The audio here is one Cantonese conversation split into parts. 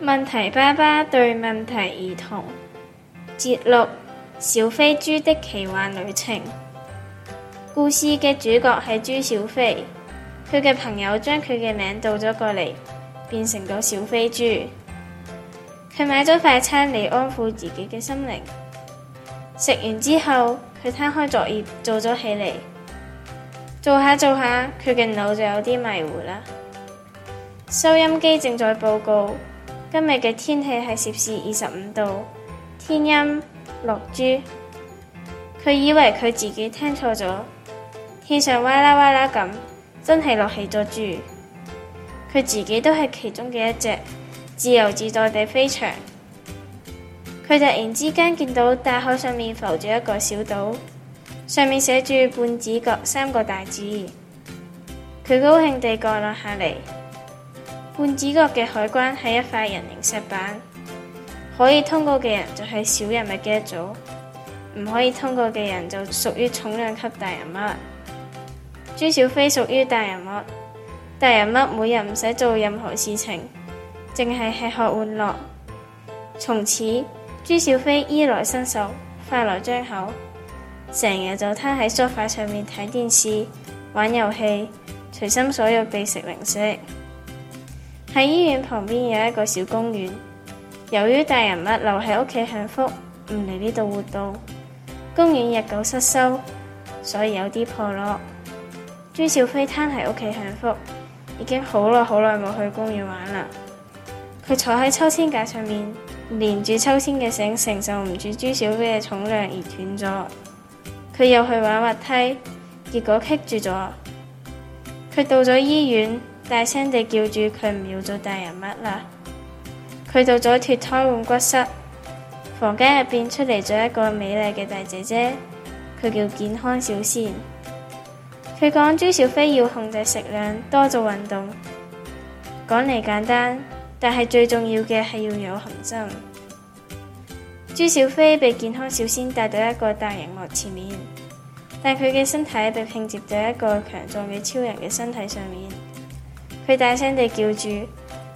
問題爸爸對問題兒童節錄《小飛豬的奇幻旅程》。故事嘅主角係豬小飛，佢嘅朋友將佢嘅名倒咗過嚟，變成咗小飛豬。佢買咗快餐嚟安撫自己嘅心靈。食完之後，佢攤開作業做咗起嚟，做下做下，佢嘅腦就有啲迷糊啦。收音機正在報告。今日嘅天氣係攝氏二十五度，天陰落豬。佢以為佢自己聽錯咗，天上嘩啦嘩啦咁，真係落起咗豬。佢自己都係其中嘅一隻，自由自在地飛翔。佢突然之間見到大海上面浮住一個小島，上面寫住半字角三個大字。佢高興地降落下嚟。半主角嘅海關係一塊人形石板，可以通過嘅人就係小人物嘅一組，唔可以通過嘅人就屬於重量級大人物。朱小飛屬於大人物，大人物每日唔使做任何事情，淨係吃喝玩樂。從此，朱小飛衣來伸手，飯來張口，成日就攤喺梳化上面睇電視、玩遊戲，隨心所欲地食零食。喺醫院旁邊有一個小公園，由於大人物留喺屋企享福，唔嚟呢度活動。公園日久失修，所以有啲破落。朱小飛攤喺屋企享福，已經好耐好耐冇去公園玩啦。佢坐喺秋千架上面，連住秋千嘅繩承受唔住朱小飛嘅重量而斷咗。佢又去玩滑梯，結果棘住咗。佢到咗醫院。大聲地叫住佢唔要做大人物啦！佢到咗脱胎換骨室，房間入邊出嚟咗一個美麗嘅大姐姐，佢叫健康小仙。佢講朱小飛要控制食量，多做運動。講嚟簡單，但係最重要嘅係要有恒心。朱小飛被健康小仙帶到一個大螢幕前面，但佢嘅身體被拼接咗一個強壯嘅超人嘅身體上面。佢大聲地叫住：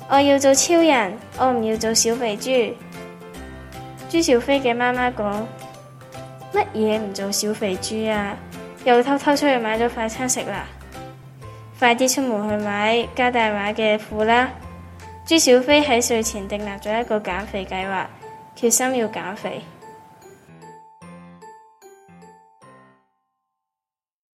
我要做超人，我唔要做小肥豬。朱小飛嘅媽媽講：乜嘢？唔做小肥豬啊？又偷偷出去買咗快餐食啦！快啲出門去買加大碼嘅褲啦！朱小飛喺睡前訂立咗一個減肥計劃，決心要減肥。